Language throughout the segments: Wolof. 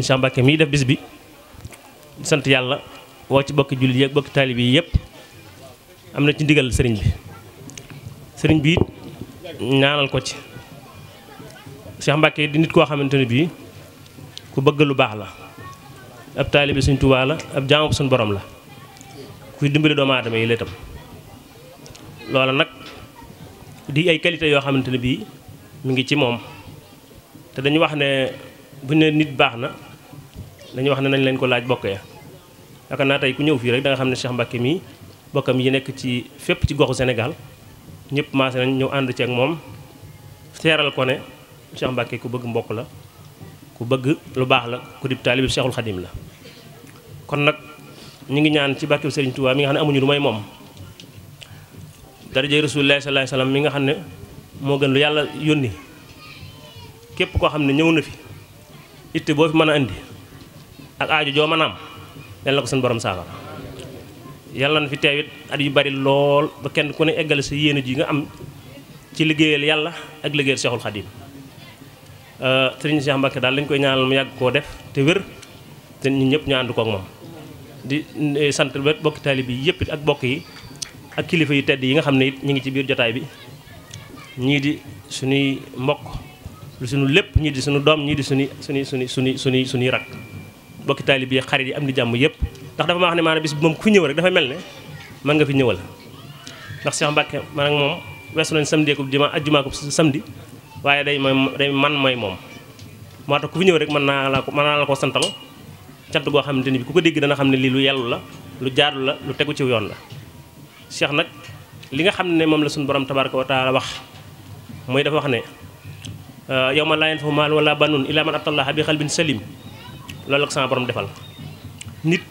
Serigne Cheikh Mbacké mii def bis bi sant yàlla woo ci bokki jullit yeeg bokki taalib yi yëpp am na ci ndigal sëriñ bi sëriñ bi it ko ci Cheikh Mbacké di nit koo xamante ne bii ku bëgg lu baax la ab taalibi suñ tubaa ab jaamu suñ borom la kuy dimbali doomu aadama yi la loola nag di ay qualité yoo xamante ne bii mu ngi ci moom te dañu wax ne bu ne nit baax na dañu wax ne nañ leen ko laaj bokk ya yaakaar naa tey ku ñëw fii rek da xam ne Cheikh Mbacke mii bokkam yi nekk ci fépp ci goxu Sénégal ñëpp maase nañ ñëw ànd ci ak moom seeral ko ne Cheikh Mbacke ku bëgg mbokk la ku bëgg lu baax la ku dib taalibi Cheikhul Khadim la kon nag ñu ngi ñaan ci barkeb Serigne Touba mi nga xam ne amuñu lu may moom darajay Rasulullah sallallahu alayhi wasallam mi nga xam ne moo gën lu yàlla yónni képp koo xam ne ñëw na fi itte boo fi mën a indi ak aajo joo manaam a am yal na ko suñu borom saafara yàlla na fi teewit at yu bari lool ba kenn ku ne eggale sa yéene ji nga am ci liggéeyal yàlla ak liggéeyal Seexul Xadiim euh, sëriñ Cheikh daal lañ koy ñaanal mu yàgg koo def te wér te ñun ñëpp ñu ànd koog moom di eh, sant ba bokki taalibe yi yëpp ak bokk yi ak kilifa yu tedd yi nga xam ne it ñu ngi ci biir jotaay bi ñii di suñuy mbokk lu suñu lépp ñii di suñu doom ñii di suñu suñu suñu suñu suñuy suñuy rak bokki taalib yi xarit yi am di jàmm yëpp ndax dafa ma wax ne maanaam bis bi moom ku fi ñëw rek dafa mel ne mën nga fi ñëwal ndax Cheikh Mbacke man ak moom weesu nañ samedi ko juma ajjuma ko samedi waaye day mooy man mooy moom moo ku fi ñëw rek mën naa la ko mën naa la ko santal cant goo xamante ni bi ko dégg dana xam ne lii lu yellu la lu jaarlu la lu tegu ci yoon la Cheikh nag li nga xam ne moom la suñu borom tabaraka wa taala wax mooy dafa wax ne yow ma laa yanfa'u maalun wala banuun illaa man ataa Allaaha bi qalbin salim loolu ak sama borom defal nit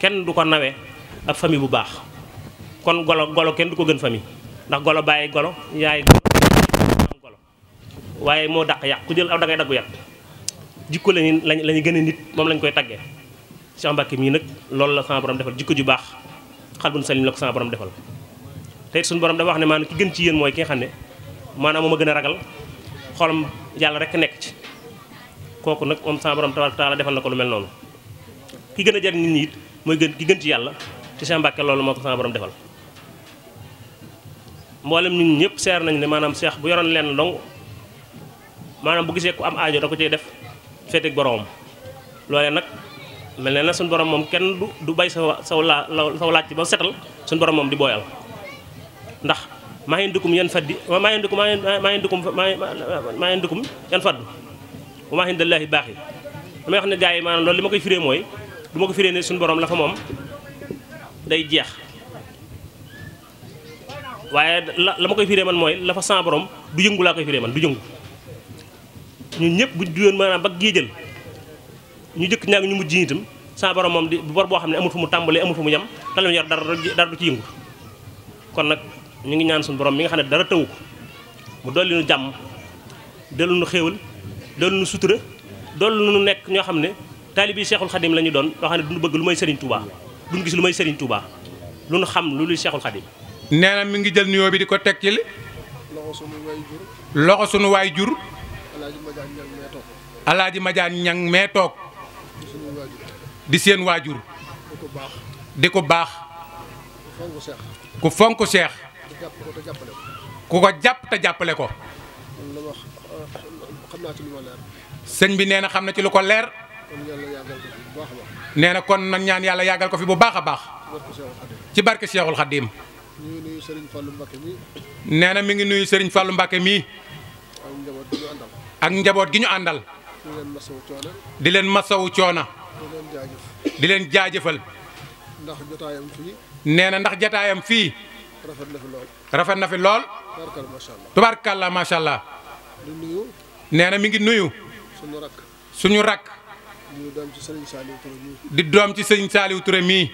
kenn du ko nawe ak famille bu baax kon golo golo kenn du ko gën famille ndax golo bàyyi golo yaay golo waaye moo daq yàq ku jël aw da ngay daggu yàq jikko lañu lañ la ñu gën a nit moom lañ koy taggee Cheikh Mbacke mii nag loolu la sama borom defal jikko ju baax xalbun salim la ko sama borom defal te suñu borom dafa wax ne maanaam gën ci yéen mooy ki nga xam moom a gën a ragal xolam yàlla rek nekk ci kooku nag moom sama borom tabaaraka taala defal na ko lu mel noonu ki gën a jariñ nit ñi it mooy gën ki gën ci yàlla te Cheikh Mbacke loolu moo ko sama borom defal mboolem ñun ñëpp seer nañu ne maanaam Cheikh bu yoroon leen dong maanaam bu gisee ku am aajo da ko cay def féete ak boromam nag mel ne na suñu borom moom kenn du du bay saw saw laa saw laaj ba setal suñu borom moom di booyal ndax maa ngi dëkkum yan faddi maa ngi dëkkum maa ngi dëkkum maa yan faddu wa maa baax yi damay wax ne gars yi maanaam loolu li ma koy firee mooy du ma ko firee ne suñu borom la fa moom day jeex waaye la la ma koy firee man mooy la fa sans borom du yëngu laa koy firee man du yëngu ñun ñëpp buñ duyoon maanaam ba géejal ñu jëkk ñaa ngi ñu mu itam sans borom moom di bor boo xam ne amul fu mu tàmbalee amul fu mu yem te la dara dara du ci yëngu kon nag ñu ngi ñaan suñu borom mi nga xam ne dara tëwu ko mu dolli jàmm dellu nu doon nu sutura doon nu nekk ñoo xam ne taalibi Cheikhul Khadim la ñu doon loo xam ne duñu bëgg lu may Serigne Touba duñu gis lu may Serigne Touba lu nu xam lu luy Cheikhul Khadim. nee na mi ngi jël nuyoo bi di ko teg ci li. loxo sunu waay jur. loxo sunu waay jur. Alaaji Madiane Niang mee toog. di seen waajur. di ko baax. ku fonk Cheikh. ku ko jàpp te jàppale ko. xam naa bi nee na xam na ci lu ko leer. nee na kon na ñaan yàlla yàggal ko fi bu baax a baax. ci barke Cheikhul Khadim. nee na mi ngi nuyu sëriñ Fallou Mbacke mii. ak njaboot gi ñu àndal. di leen masawu coona. di leen jaajëfal. ndax jotaayam fii. nee na ndax jataayam fii. rafet na fi lool. rafet na fi lool. allah. nee na mi ngi nuyu. suñu rakk suñu rakk. di doom ci sëriñ Saliou Touré mii. di doom ci sëriñ Saliou Touré nee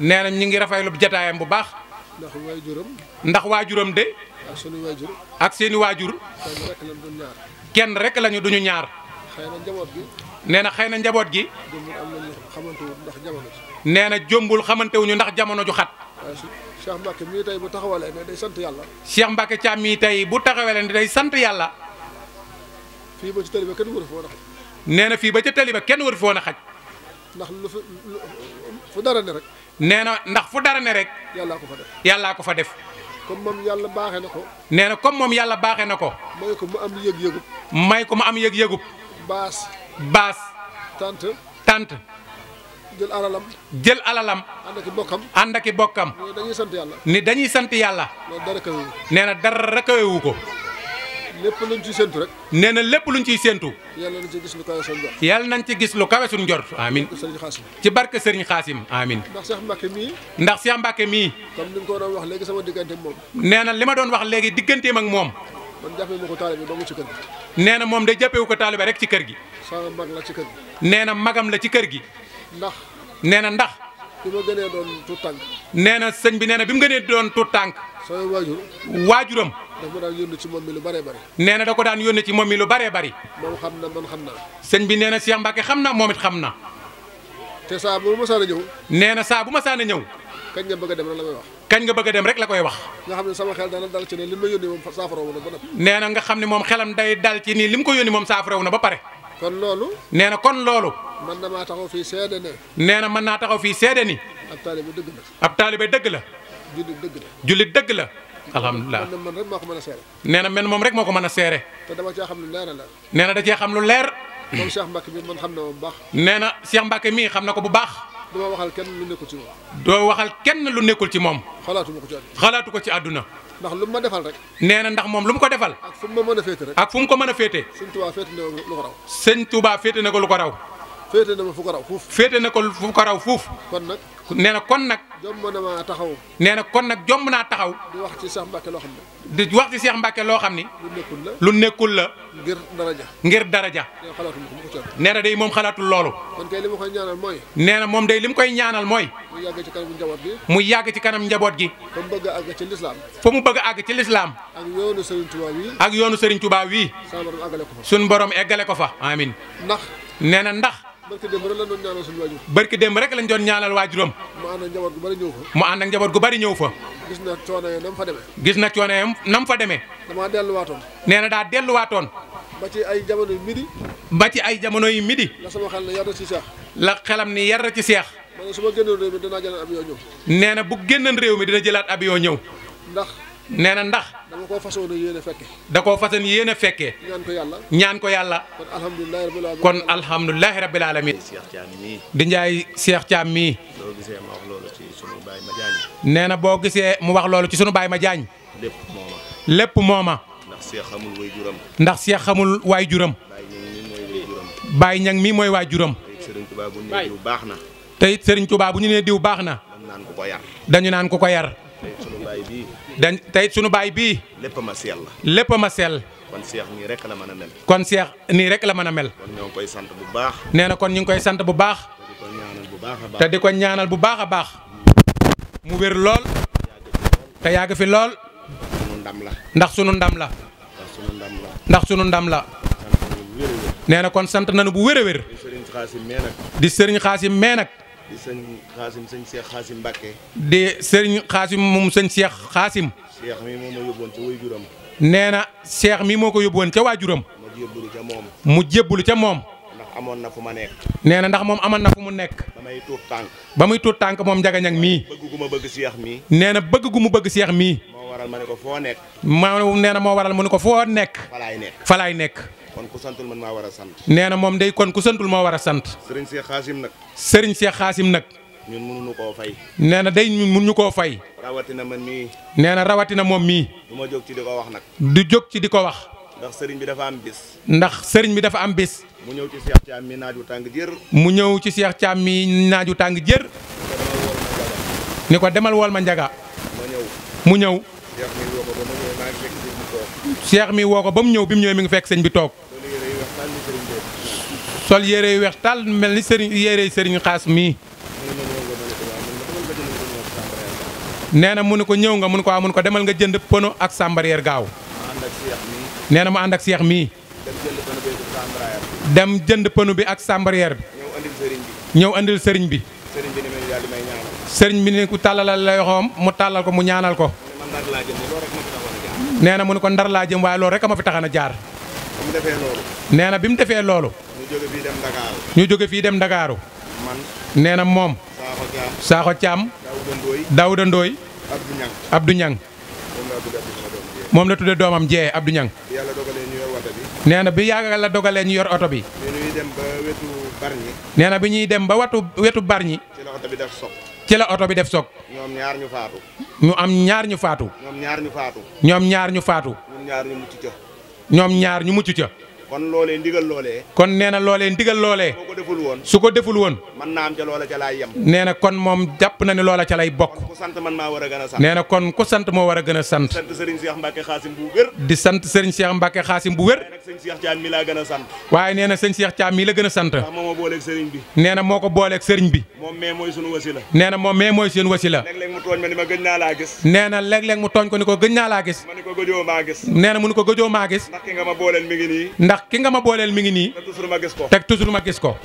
na ñu ngi rafetlu jotaayam bu baax. ndax waajuram. ndax waajuram de. ak seen i waajur. ak seen i waajur. kenn rek lañu duñu ñaar. xëy na njaboot gi. nee na xëy na njaboot gi. nee na jombul xamante ndax jamono ju xat. waaye su Cheikh Mbacke mii tey bu taxawalee ne day sant yàlla. Cheikh Mbacke Thiam mii tey bu taxawalee ne day sant yàlla. fii ba ci tali ba kenn waru fi woon a xaj. nee na fii ba ca tali ba kenn waru fi woon a xaj. ndax lu fi fu dara ne rek. nee na ndax fu dara rek. yàllaa ko fa def yàllaa ko fa def. comme moom yàlla baaxee na ko. nee na comme moom yàlla baaxee na ko. may ko mu am yëg-yëgub. may ko mu am yëg-yëgub. baas. baas. tànt jël alalam. jël alalam. ànd ak bokkam. ànd ak i bokkam. ni dañuy sant yàlla. ni dañuy sant yàlla. nee na dara kawewu ko. lépp luñ ciy séntu rek. nee na lépp luñ ciy séntu. yàlla nañ ci gis lu kawe suñ yàlla nañ ci gis lu kawe suñ jor. amiin ci barke Serigne Xaasim amiin. ndax Cheikh Mbacke mii. ndax Cheikh Mbacke mii. comme ni nga ko doon wax léegi sama diggante ak moom. nee na li ma doon wax léegi digganteem ak moom. man jàppee ma ko taalibe dong ci kër nee na moom de jàppewu ko taalibe rek ci kër gi. sama mag la ci kër gi. nee na magam la ci kër gi. ndax nee na ndax bi ma gënee doon tuut tànk nee na sëñ bi nee na bi mu gënee doon tuut tànk sama waajur waajuram dafa daan yónni ci moom mi lu bëree bari nee na da ko daan yónni ci moom mi lu bëree bari moom xam na man xam naa sëñ bi nee na Cheikh Mbacke xam na moom it xam na te saa bu ma saan a ñëw nee na saa bu ma saan a ñëw kañ nga bëgg a dem rek la koy wax kañ nga bëgg a dem la koy wax nga xam ne sama xel dana dal ci ne li ma yónni moom saafaraw na nee na nga xam ne moom xelam day dal ci nii li mu ko yónni moom saafaraw na ba pare kon loolu nee na kon loolu man damaa taxaw fii seede ne. nee na mën naa taxaw fii seede ni. ab taalibe dëgg la. ab taalibe dëgg la. jullit dëgg la. jullit dëgg la. alhamdulilah man rek moo a seere. nee na man moom rek moo ko mën a seere. te dama xam lu leer la. nee na da cee xam lu leer. moom Cheikh Mbacke mii man xam na bu baax. nee na Cheikh Mbacke mii xam na ko bu baax. doo waxal kenn lu nekkul ci moom. doo waxal kenn lu nekkul ci moom. xalaatu ko ci àdduna. xalaatu ko ci àdduna. ndax lu mu ma defal rek. nee na ndax moom lu mu ko defal. ak fu mu ma mën a féete rek. ak mu ko mën a féete. sëñ Touba féete na ko lu ko féete na ko lu ko raw. féete na ma fu ko fuuf. féete na ko fu ko raw fuuf. kon nag nee na kon nag. jomm na maa taxaw. nee na kon nag jomm naa taxaw. di wax ci Cheikh Mbacke loo xam wax ci Cheikh loo xam ni. lu nekkul la lu nekkul la. ngir daraja. ngir daraja. nee na day moom xalaatul loolu. kon kay li koy ñaanal mooy. nee na moom dey li mu koy ñaanal mooy. mu yàgg ci kanam njaboot gi. mu yàgg ci kanam njaboot gi. fa mu bëgg a àgg ci lislaam. mu bëgg àgg ci lislaam. ak yoonu Serigne Touba wii. ak yoonu Serigne Touba wii. suñu borom eggale ko fa amiin ndax nee na ndax barke démb rek lañ doon ñaanal suñu waajur. barke démb rek doon ñaanal waajuram. mu ànd ak njaboot gu bari ñëw fa. mu ànd ak njaboot gu bari ñëw fa. gis na coono yam nam fa demee. gis na coono yam nam fa demee. damaa delluwaatoon. nee na daa delluwaatoon. ba ci ay jamono yu midi. ba ci ay jamono yi midi. la sama xel ne yar ci seex. la xelam ni yar ci seex. ma ne su ma génnoon réew mi dinaa jëlaat avion ñëw. nee na bu génnoon réew mi dina jëlaat avion ñëw. ndax. nee na ndax. da koo fasoon yéene fekke. da koo fasoon yéene fekke. ñaan ko yàlla. ñaan ko yàlla. kon alhamdulilah rabbil alamin di njaay Cheikh Thiam mii. nee na boo gisee mu wax loolu ci sunu baay ma jaañ. lépp mooma. lépp mooma. ndax Cheikh xamul way juram. ndax Cheikh xamul waay juram. Baye Ñang mii mooy waay juram. te it Serigne Touba bu ñu nee diw baax na. dañu naan ko ko yar. baay bii. dañ tey sunu baay bii. lépp ma sell. lépp ma sell. kon seex nii rek la mën a mel. kon seex nii rek la mën a mel. kon ñoo koy sant bu baax. nee na kon ñu ngi koy sant bu baax. te di ko ñaanal bu baaxa baax. mu wér lool. te yàgg fi lool. ndax sunu ndam la. ndax sunu ndam la. ndax sunu ndam la. kon sant nañu bu wér di sëriñ xaasim mee nag. di sëñ xaasim sëñ Cheikh xaasim Mbacke. di sëñ xaasim moom sëñ Cheikh xaasim. Cheikh mi moo ma yóbbuwoon ca waajuram. nee na Cheikh mi moo ko yóbbuwoon ca waajuram. mu jébbalu ca moom. mu jébbalu ca moom. ndax amoon na fu ma nekk. nee na ndax moom amoon na fu mu nekk. ba may tuut tànk. ba muy tuut tànk moom Njaga Ñaŋ mii. bëgg bëgg Cheikh mii. gu mu bëgg Cheikh mii. moo waral ma ne ko foo nekk. ma nee na moo waral mu ne ko foo nekk falaay nekk. kon ku santul man maa war a sant. nee na moom day kon ku santul moo war a sant. Serigne Cheikh Xaasim nag. sëriñ Cheikh Xaasim nag. ñun mënuñu koo fay. nee na day ñun mënuñu koo fay. rawatina man mii. nee na rawatina moom mii. du ma jóg ci di ko wax nag. du jóg ci di ko wax. ndax sëriñ bi dafa am bis. ndax sëriñ bi dafa am bis. mu ñëw ci seex Thiam mi naaju tàng jër. mu ñëw ci Cheikh Thiam mi naaju tàng jër. ni ko demal wool ma njaga. mu ñëw. seex mii woo ko ba mu ñëw bi mu ñëwee mi ngi fekk sëñ bi toog sol yére yu weex tàll mel ni sëriñ yére sëriñ xaas mii nee na mu ne ko ñëw nga mu ne ko amun ko demal nga jënd pono ak sàmbariyeer gaaw nee na mu ànd ak seex mii dem jënd pono bi ak sàmbariyeer bi ñëw indil sëriñ bi sëriñ bi ne ku tàllalal la yoxoom mu tàllal ko mu ñaanal ko nee na mu ne ko ndar laa jëm waaye loolu rek a ma fi taxan a jaar. nee na bi mu defee loolu. ñu jóge fii dem Ndakaaru. ñu jóge fii dem Ndakaaru. nee na moom. Sakho Thiam. Daouda Ndoye. Abdou Niang. moom la tuddee doomam Dieye Abdou Niang. nee na bi Yàlla dogalee ñu yor oto bi. nee na bi ñuy dem ba watu wetu Bargny. ci la oto bi def soog. ci la oto bi def soog. ñoom ñaar ñu am ñaar ñu ñoom ñaar ñu faatu. ñoom ñaar ñu faatu. ñoom ñaar ñu mucc ca. ñoom ñaar ñu mucc ca. kon loolee ndigal loolee. kon nee na loolee ndigal loolee. su ko deful woon su ko deful woon. mën naa kon moom jàpp na ne loola ca lay bokk. kon ku sant man war a gën a sant. nee kon ku sant moo war a gën a sant. waaye nag sëñ Cheikh Thiam mi laa gën a sant. waaye nee a ma moom mee mooy sunu wasila. nee moom mee mooy seen wasila. léeg-léeg mu tooñ ma ni ma gëj naa laa gis. nee na léeg mu tooñ ko ni ko gëj naa laa gis. ma mu ni ko gëjoo maa gis. ndax ki nga ma booleel mi ngi nii. ndax ki nga ma booleel mi ngi nii. te toujours ma gis ko.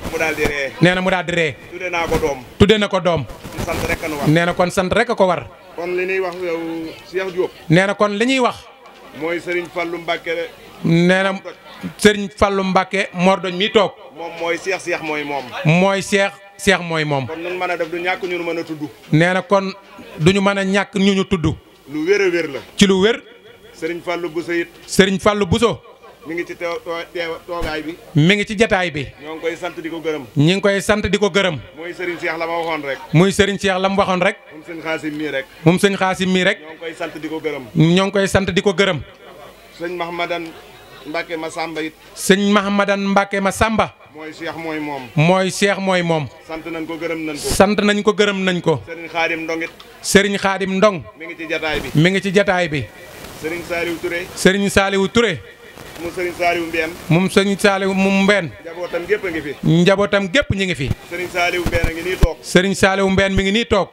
Touré. tudde naa ko doom. tudde na ko doom. sant rek a war nee na kon sant rek a ko war. kon li ñuy wax yow Cheikh Diop. nee na kon li ñuy wax. mooy Serigne Fallou Mbacke de. nee na Serigne Fallou Mbacke Mordoñ mi toog. moom mooy Cheikh Cheikh mooy moom. mooy Cheikh Cheikh mooy moom. kon nun mën a def du ñàkk ñu mën a tudd. nee na kon du ñu mën a ñàkk ñu ñu tudd. lu wér a wér la. ci lu wér. Serigne Fallou Bousso it. Serigne Fallou Bousso. mi ngi ci toogaay bi. mi ngi ci jataay bi. ñoo ngi koy sant di ko gërëm. ñi ngi koy sant di ko gërëm. muy Serigne Cheikh la ma waxoon rek. muy Serigne Cheikh la mu waxoon rek. moom sëñ Xaasim mii rek. moom sëñ Xaasim mii rek. ñoo ngi koy sant di ko gërëm. ñoo ngi koy sant di ko gërëm. sëñ Mahmadan Mbacke Massamba it. sëñ Mahmadan Mbacke Massamba. mooy mooy moom. mooy Cheikh mooy moom. sant nañ ko gërëm nañ ko. sant nañ ko gërëm nañ ko. Serigne Khadim Ndong it. Serigne Khadim Ndong. mi ngi moom Serigne Saliou Mbène. moom Serigne Saliou moom Mbène. njabootam gépp a ngi fi. njabootam gépp ñu ngi fi. Serigne Saliou Mbène a ngi nii toog. Serigne Saliou Mbène mi ngi nii toog.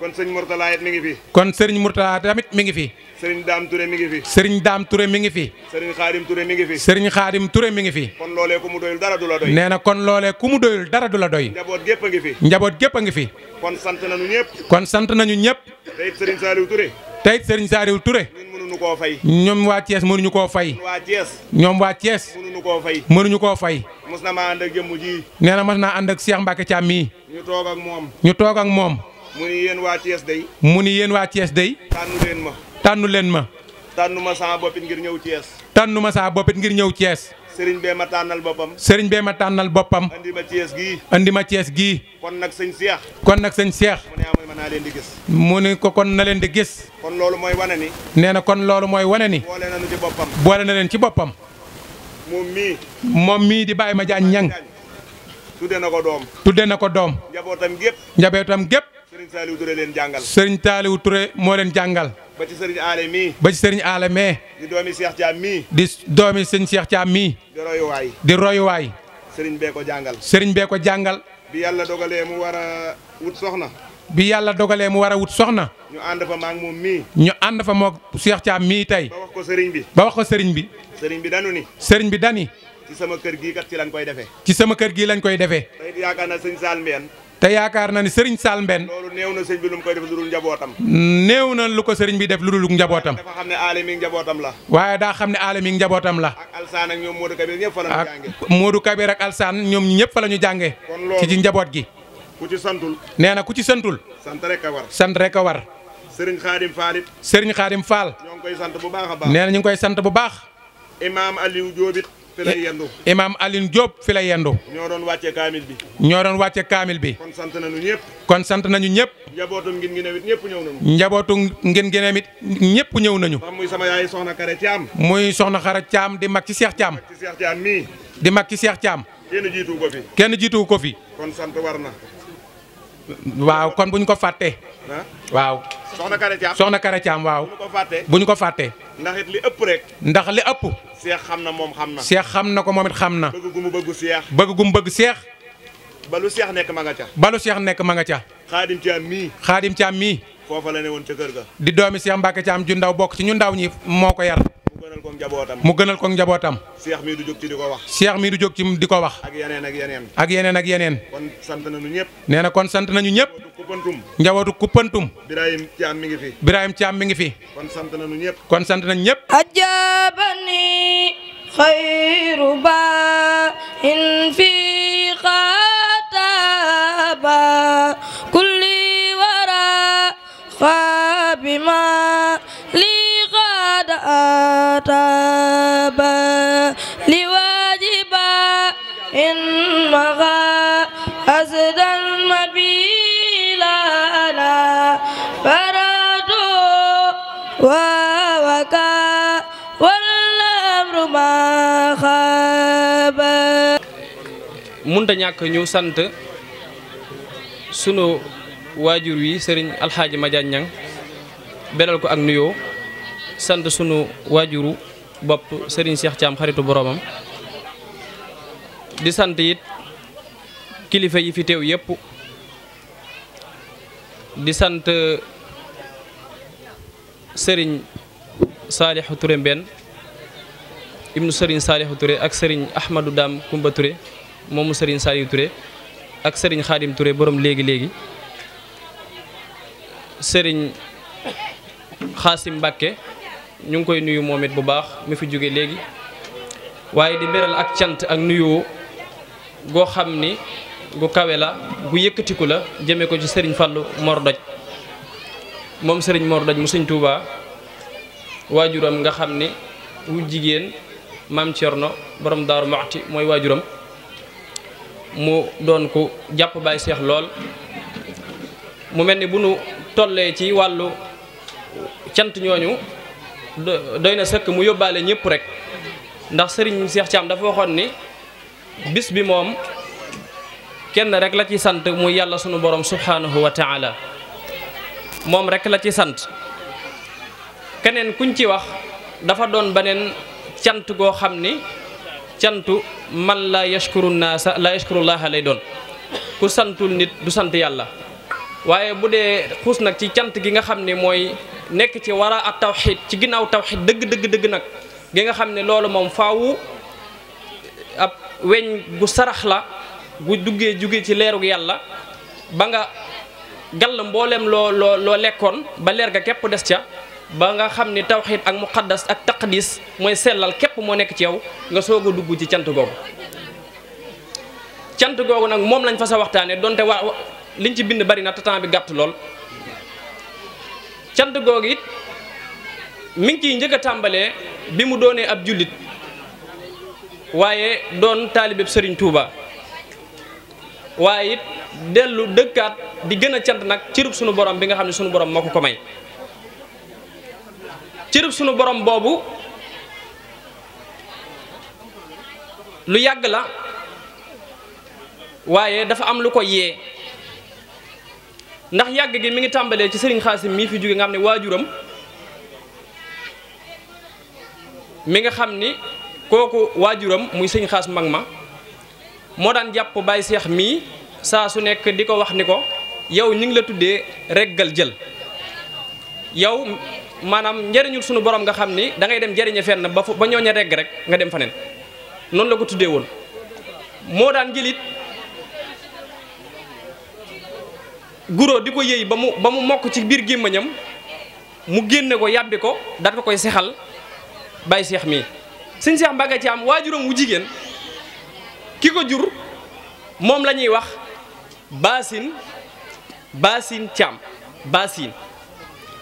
kon Serigne Mourtala it mi ngi fi. kon Serigne Mourtala tamit mi ngi fi. Serigne Dame Touré mi ngi fi. Serigne Dame Touré mi ngi fi. Serigne Khadim Touré mi ngi fi. Serigne Khadim Touré mi ngi fi. kon loolee ku mu doyul dara du la doy. nee na kon loolee ku mu doyul dara du la doy. njaboot gépp a ngi fi. njaboot gépp a ngi fi. kon sant nañu ñëpp. kon sant nañu ñëpp. tey it Serigne Saliou Touré. tey it Serigne Saliou Touré. koo fay. ñoom waa Thiès mënuñu koo fay. waa Thiès. ñoom waa Thiès. mënuñu koo fay. mënuñu koo fay. mos na maa ànd ak jëmm ji. nee na mos naa ànd ak Cheikh Mbacke Thiam mii. ñu toog ak moom. ñu toog ak moom. mu ni yéen waa Thiès day. mu ni yéen waa Thiès day. tànnu leen ma. tànnu leen ma. tànnu ma saa boppit ngir ñëw Thiès. tànnu ma saa boppit ngir ñëw Thiès. sëriñ bee ma tànnal boppam. sëriñ bee ma tànnal boppam. andi ma Thiès gii. andi ma Thiès gii. kon nag sëñ Cheikh. kon nag sëñ Cheikh. naa leen di gis. mu ne ko kon na leen di gis. kon loolu mooy wane ni. nee na kon loolu mooy wane ni. boole na leen ci boppam. boole na leen ci boppam. moom mii. moom mii di Baye Madiagne Niang. tudde na ko doom. tudde na ko doom. njabootam gépp. njabootam gépp. Serigne Saliou Touré leen jàngal. Serigne Saliou Touré moo leen jàngal. ba ci Serigne Allé mii. ba ci Serigne Allé mii. di doomi Cheikh Thiam mii. di doomi Serigne Cheikh mii. di royuwaay. di royuwaay. sëriñ bee ko jàngal. sëriñ bee ko jàngal. bi yàlla dogalee mu war a wut soxna. bi yàlla dogalee mu war a wut soxna. ñu ànd fa maak moom mii. ñu ànd fa moog seex Thiam mii tey. ba wax ko sëriñ bi. ba sëriñ bi. sëriñ bi danu ni. sëriñ bi dani. ci sama kër gii kat ci lañ koy defee. ci sama kër gii lañ koy defee. te yaakaar naa sëñ Sall te yaakaar naa ni sëriñ Sall Mbène. loolu na sëñ bi lu mu koy def lu dul njabootam. na lu ko sëriñ bi def lu dul njabootam. dafa xam ne aalami njabootam la. waaye daa xam ne aalami njabootam la. ak Alsaan ñoom Modou Kabir ñëpp fa la ñu jàngee. ak Modou Kabir Alsaan ñoom ñëpp fa la ñu jàngee. ci ci njaboot gi ku ci santul. nee na ku ci santul. sant rek a war. sant rek a war. Serigne Khadim Fall it. Serigne Khadim Fall. ñoo ngi koy sant bu baax a ñu ngi koy sant bu baax. imaam Aliou Diop it fi lay yendu. imaam Aliou Diop fi lay yendu. ñoo doon wàcce kaamil bi. ñoo doon wàcce kaamil bi. kon sant nañu ñëpp. kon sant nañu ñëpp. njabootu ngin ngi newit ñëpp ñëw nañu. njabootu ngin ngi ñëpp ñëw nañu. ndax muy sama yaay soxna Kare Thiam. muy soxna Xara Thiam di mag ci Cheikh Thiam. di mag ci Cheikh Thiam mii. di mag ci seex caam kenn jiitu ko kenn jiitu ko fi. kon sant war na. waaw kon bu ñu ko fàttee. waaw. soxna Kara Thiam soxna Kara Thiam waaw. bu ñu ko fàttee bu ñu ko fàttee. ndax li ëpp rek. ndax li ëpp. seex xam na moom xam na. seex xam na ko moom it xam na. bëgg gu mu bëgg seex. bëgg gu mu balu seex nekk ma nga ca. balu seex nekk ma nga ca. xaadim Thiam mii. xaadim Thiam mii. foofa la ne woon ca kër ga. di doomi seex Mbacke Thiam ju ndaw bokk ci ñu ndaw ñi moo ko yar. gënal ko njabootam mu gënal ko njabootam. seex mi du jóg ci di ko wax. seex mi du jóg ci di ko wax. ak yeneen ak yeneen. ak yeneen ak yeneen. kon sant nañu ñëpp. nee na kon sant nañu ñëpp. njabootu kuppantum. Birahim Thiam mi ngi fi. Birahim Thiam mi ngi fi. kon sant nañu ñëpp. kon sant nañu ñëpp. ajabani xayru ba in fi xaataba kulli wara xaabima أتابا لواجبا إن مغا أزدا مبيلا أنا فرادو ووكا والأمر ما خابا munta ñàkk ñu sant sunu waajur wi sëriñ alxaaji Madiagne Niang beral ko ak nuyoo sant sunu waajuru bopp Serigne Cheikh Thiam xaritu boroomam di sant it kilifa yi fi teew yépp di sant Serigne Saliou Touré Mbène ibnu Serigne Saliou ture ak Serigne Ahmadou Dame Koumba Touré moomu Serigne Saliou Touré ak sëriñ Khadim Touré boroom léegi léegi sëriñ Xaasim Mbàkke ñu ngi koy nuyu moom it bu baax mi fi jóge léegi waaye di beral ak cant ak nuyu goo xam ni gu kawe la gu yëkkatiku la jëmee ko ci sëriñ Fallou Mor Doj moom sëriñ Mor Doj mu sëñ Touba waajuram nga xam ni wu jigéen maam Thierno borom Daaru Muxti mooy waajuram mu doon ko jàpp baay seex lool mu mel ni bu nu tollee ci wàllu cant ñooñu doy na sëkk mu yóbbaale ñëpp rek ndax sëriñ seex Thiam dafa waxoon ni bis bi moom kenn rek la ci sant muy yàlla sunu borom subhanahu wa taala moom rek la ci sant keneen kuñ ci wax dafa doon beneen cant goo xam ni cantu man la yashkuru naasa la yashkurullaha lay doon ku santul nit du sant yàlla waaye bu dee xuus nag ci cant gi nga xam ni mooy nekk ci wara ak tawxid ci ginnaaw tawxid dëgg dëgg dëgg nag gi nga xam ne loolu moom faawu ab weñ gu sarax la gu duggee jóge ci leeru yàlla ba nga gal mbooleem loo loo lekkoon ba leer ga képp des ca ba nga xam ni tawxiid ak muqaddas ak taqdis mooy sellal képp moo nekk ci yow nga soog a dugg ci cant googu cant googu nag moom lañ fa sa waxtaanee donte wa liñ ci bind bari na te bi gàtt lool cant googu it mi ngi ciy njëkk a tàmbalee bi mu doonee ab jullit waaye doon taalibeb sëriñ tuuba waaye it dellu dëkkaat di gën a cant nag cërub sunu borom bi nga xam ne sunu borom moo ko ko may cërub sunu borom boobu lu yàgg la waaye dafa am lu ko yee ndax yàgg gi mi ngi tàmbalee ci sëriñ xaasim mii fi jóge nga xam ne waajuram mi nga xam ni kooku waajuram muy sëriñ xaas mag ma moo daan jàpp bàyyi seex mii saa su nekk di ko wax ni ko yow ñu ngi la tuddee reggal jël yow maanaam njëriñul sunu borom nga xam ni da ngay dem jëriñe fenn ba ba ñooña regg rek nga dem fa neen noonu la ko tuddee woon moo daan jëlit guro di ko yëy ba mu ba mu mokk ci biir gémmañam mu génne ko yàbbi ko daat ko koy seexal bàyyi seex mii sëñ seex mbàgga ci am waajuram wu jigéen ki ko jur moom la ñuy wax baasin baasin caam baasin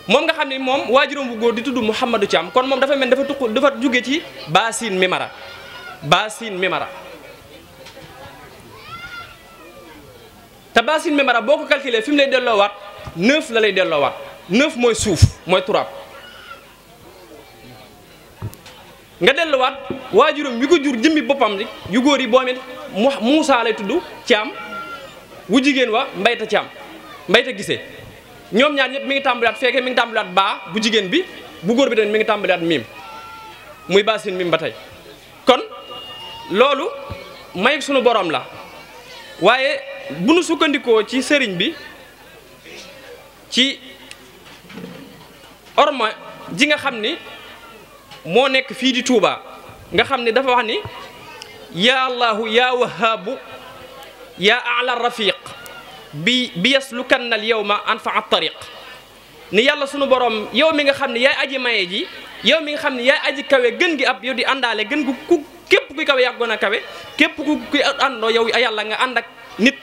moom nga xam ne moom waajuram bu góor di tudd Mouhamadou Thiam kon moom dafa mel dafa tukk dafa jóge ci baasin mimara baasin mimara te basin bi mara boo ko calculé fi mu lay delloowaat neuf la lay delloowaat neuf mooy suuf mooy turaab nga waa waajuram yu ko jur jëmmi boppam rek yu góor yi boo boomit mu Moussa lay tudd Thiam wu jigéen wa Mbayta Thiam Mbayta gise ñoom ñaar ñëpp mi ngi tàmbaliwaat fekkee mi ngi tàmbaliwaat baa bu jigéen bi bu góor bi tamit mi ngi tàmbaliwaat miim muy basin miim ba tey kon loolu mayug sunu boroom la waaye. bu nu sukkandikoo ci sëriñ bi ci orma ji nga xam ni moo nekk fii di Touba nga xam ni dafa wax ni yaa allahu yaa wahaabu yaa ala rafiq bi bi yow ma yawma anfaa tariq ni yàlla sunu borom yow mi nga xam ne yaay aji maye ji yow mi nga xam ne yaay aji kawe gën gi ab yow di àndaale gën gu ku képp kuy kawe yàggoon kawe képp ku kuy àndoo yow yàlla nga ànd ak nit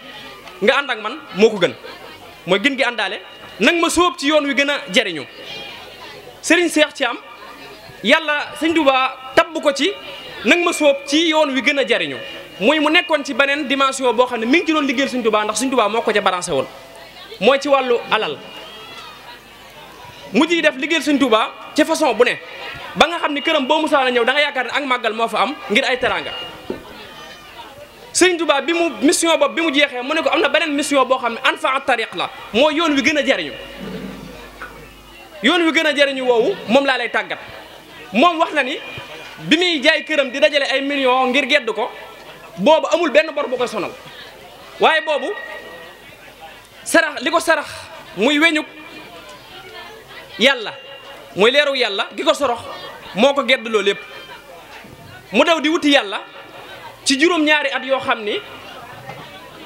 nga ànd ak man moo ko gën mooy gën gi àndaale nag ma soob ci yoon wi gën a jariñu sëriñ Seex am yàlla sëñ Tuubaa tabb ko ci nag ma soob ci yoon wi gën a jariñu muy mu nekkoon ci beneen dimension boo xam ne mi ngi ci doon liggéeyal sëñ Tuubaa ndax sëñ Tuubaa moo ko ca balancé woon mooy ci wàllu alal mujj yi def liggéeyal sëñ Tuubaa ci façon bu ne ba nga xam ni këram boo musaa na ñëw da yaakaar ne ak màggal moo fa am ngir ay teraanga sëriñ Tuubaa bi mu mission boobu bi mu jeexee mu ne ko am na beneen mission boo xam ne anfa tariq la moo yoon wi gën a jariñu yoon wi gën a jariñu woowu moom laa lay tàggat moom wax na ni bi muy jaay këram di dajale ay million ngir gedd ko boobu amul benn bor bu koy sonal waaye boobu sarax li ko sarax muy weñuk yàlla muy leeru yàlla gi ko sorox moo ko gedd loolu lépp mu daw di wuti yàlla ci juróom-ñaari at yoo xam ni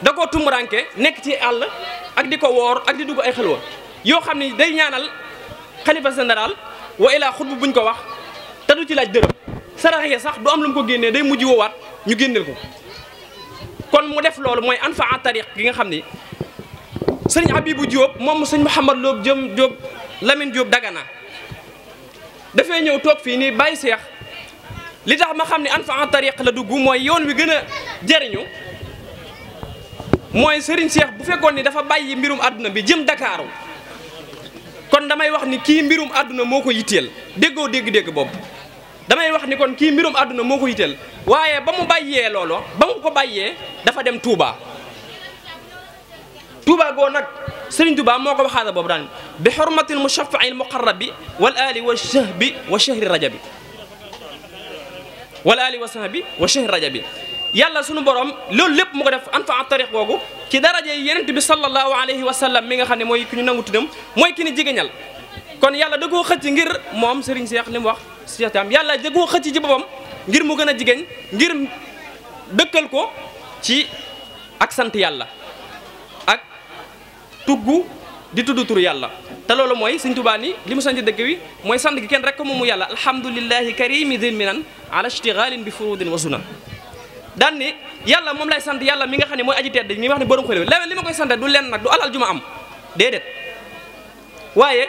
da ko tumuraanke nekk ci àll ak di ko woor ak di dugg ay xelwa yoo xam ni day ñaanal xalifa général wa ilaa xutbu buñ ko wax te du ci laaj dërëm saraxe sax du am lu mu ko génnee day mujj woowaat ñu génneel ko kon mu def loolu mooy anfaa tariq gi nga xam ni sëñ Abibu Diop moom sëñ Mouhamad Loob jëm jóob Lamine jóob dagganaa dafay ñëw toog fii nii bàyyi seex li tax ma xam ne an fa en tariq la dugg mooy yoon wi gën a jariñu mooy sëriñ Cheikh bu fekkoon ni dafa bàyyi mbirum àdduna bi jëm Dakaaru kon damay wax ni kii mbirum àdduna moo ko yitteel déggoo dégg-dégg bopp damay wax ni kon kii mbirum àdduna moo ko yitteel waaye ba mu bàyyee loolo ba mu ko bàyyee dafa dem Touba Touba goo nag Serigne Touba moo ko waxaata boobu daan bi xormatil mushaffail muqarrab bi wal ali wa bi wa shahri bi wala ali wa sahbi wa shahr rajabi yàlla sunu borom loolu lépp mu ko def an fa tariq googu ci daraje yi yenent bi sallallahu alayhi wa sallam mi nga xam ne mooy ki ñu nangu tuddam mooy ki ni jigéñal kon yàlla da koo xëcc ngir moom Serigne Cheikh li mu wax Cheikh Thiam yàlla da koo xëcc ci boppam ngir mu gën a jigéen ngir dëkkal ko ci ak sant yàlla ak tugg di tudd tur yàlla te loolu mooy sëñ Tuubaa ni li mu sanc dëkk wi mooy sant gi kenn rek moomu yàlla alhamdulilahi karimi dil minan ala ishtigalin bi furudin wa sunan daan yàlla moom lay sant yàlla mi nga xam ne mooy aji tedd mi wax ne borom xel leneen li ma koy sant du lenn nag du alal ju waaye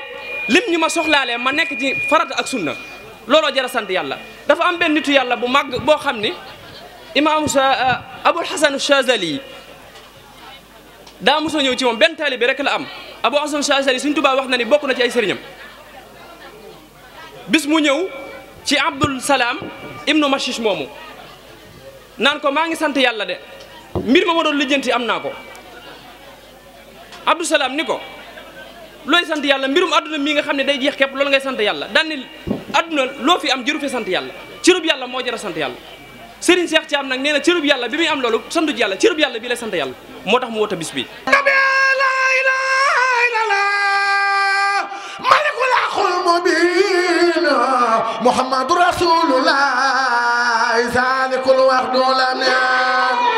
lim ñu ma soxlaalee ma nekk ci farata ak sunna looloo jar sant yàlla dafa am benn nitu yàlla bu mag boo xam ni imaamu sa abul hasan Chazali daa mos ñëw ci moom benn taalibe rek la am. Abu Hasan Shazali Sëriñ Tuubaa wax na ni bokk na ci ay sëriñam bis mu ñëw ci Abdul Salaam ibnu Mashish moomu naan ko maa ngi sant yàlla de mbir ma ma doon lijjanti am naa ko Abdul Salaam ni ko looy sant yàlla mbirum àdduna mii nga xam ne day jeex képp lool ngay sant yàlla dan ni àdduna loo fi am jëru fi sant yàlla cërub yàlla moo jar a sant yàlla Serigne Cheikh Thiam nag nee na cërub yàlla bi muy am loolu santu yàlla cërub yàlla bii lay sant yàlla moo tax mu bi تعالى ملك العقل مبين محمد رسول الله ذلك الوحد لم يعلم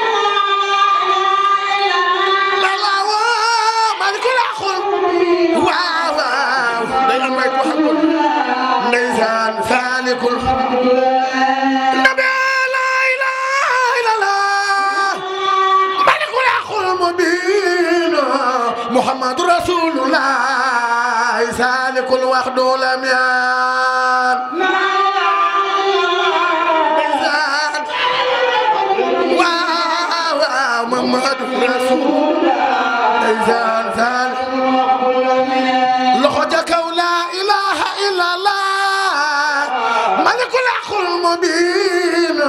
يكن وحده لم يان بالذات واو محمد رسول الله زان لخو جاكو لا اله الا الله ملك الحق المبين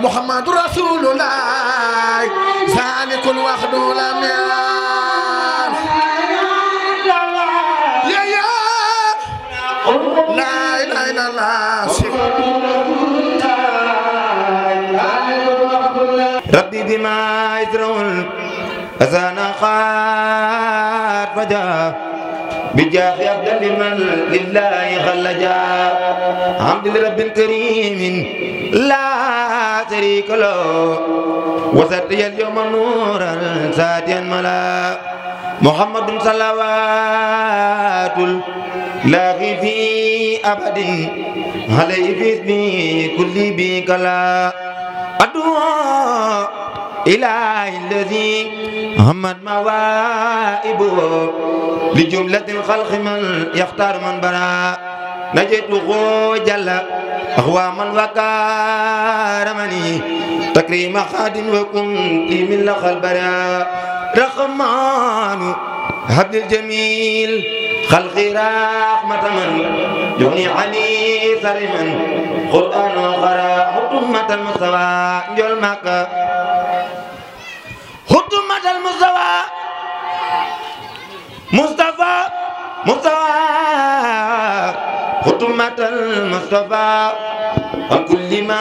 محمد رسول الله ذلك وحده لم يان لا إله إلا الله ربي بما يزرون أزانا خات وجاه بجاه يبدأ لمن لله خلجا حمد لرب كريم لا شريك له وسري اليوم نورا ساتيا ملا محمد صلوات لاغي في أبد علي في اسمي كل بك لا أدعو إله الذي همت موائبه لجملة الخلق من يختار من بنا نجده جل أخواما وكارمني تكريم خادم وكن من لخل بنا رحمن هب للجميل خلقي رحمة من يغني عني سرما قرآن وقرا حكمة المستوى جل مكة حكمة المستوى مصطفى مصطفى حكمة المصطفى عن كل ما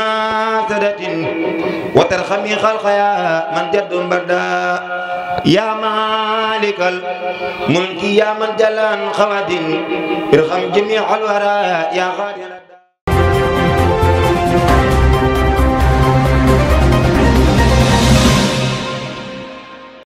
سدت وترحمي خلق يا من جد بدا يا مالك الملك يا من جلان خواد ارحم جميع الورى يا غادر